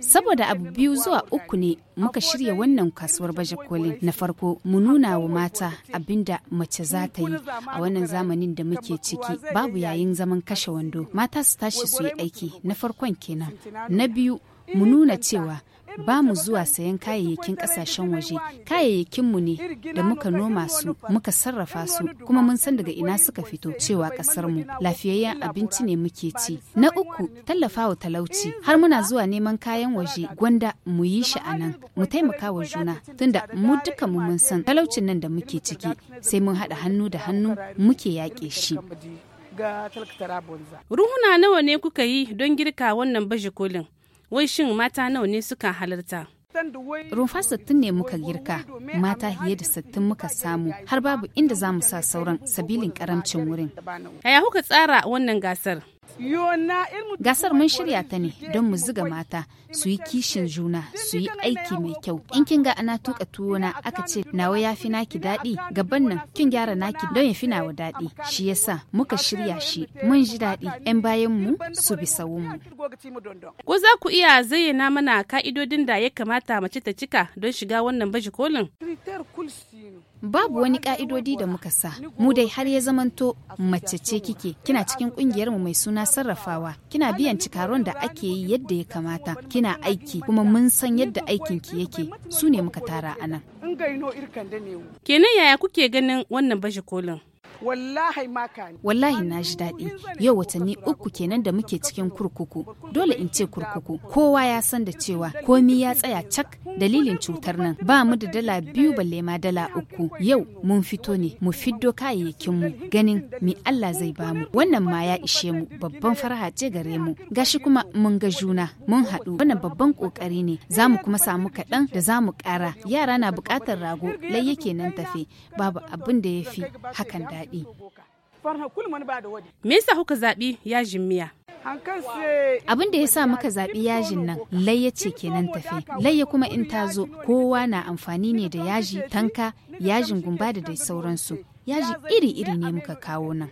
Saboda abu biyu zuwa uku ne muka shirya wannan kasuwar baje kolin. Na farko mu nuna wa mata abinda mace za ta yi a wannan zamanin da muke ciki babu yayin zaman kashe wando. Mata su tashi su yi aiki na farkon kenan. Na biyu mu nuna cewa ba mu zuwa sayan kayayyakin kasashen waje kayayyakinmu ne da muka noma su muka sarrafa su kuma mun san daga ina suka fito cewa kasarmu lafiyayyen abinci ne muke ci na uku tallafawa talauci har muna zuwa neman kayan waje gwanda mu yi shi a nan mu taimaka wa juna tunda mu duka mu mun san talaucin nan da muke ciki sai mun haɗa hannu da hannu muke yaƙe shi ruhuna nawa ne kuka yi don girka wannan baje kolin wai shin mata nawa ne suka halarta rumfa sittin ne muka girka mata fiye da sittin muka samu har babu inda za mu sa sauran sabilin karamcin wurin yaya kuka tsara wannan gasar Gasar mun shirya ta ne don mu ziga mata su yi kishin juna su yi aiki mai kyau. In kin ga ana tuka tuwo na aka ce nawa ya fi naki daɗi gaban nan kin gyara naki don ya fi nawa daɗi. Shi yasa muka shirya shi mun ji daɗi 'yan bayan mu su bi sawun Ko za ku iya zayyana mana ka'idodin da ya kamata mace ta cika don shiga wannan baje kolin? babu wani ka'idodi da muka sa mu dai har ya zamanto mace ce kike kina cikin kungiyar mai suna sarrafawa kina biyan cikaron da ake yi yadda ya kamata kina aiki kuma mun san yadda aikin ki yake su ne muka tara anan kenan yaya kuke ganin wannan baje kolin wallahi na ji daɗi yau watanni uku kenan da muke cikin kurkuku dole in ce kurkuku kowa ya san da cewa komi ya tsaya cak dalilin cutar nan ba mu da dala biyu balle ma dala uku yau mun fito ne mu fiddo kayayyakin mu ganin mi Allah zai bamu wannan ma ya ishe mu babban faraha ce gare mu gashi kuma mun ga juna mun haɗu wannan babban kokari ne za mu kuma samu kaɗan da za mu ƙara yara na buƙatar rago lai yake nan tafe babu abin da ya fi hakan daɗi zaɓi? Me yasa kuka zaɓi yajin miya? Abin da ya sa muka zaɓi yajin nan layya ce kenan tafe. Layya kuma in ta zo kowa na amfani ne da yaji tanka, yajin gumba da dai sauransu. Yaji iri-iri ne muka kawo nan.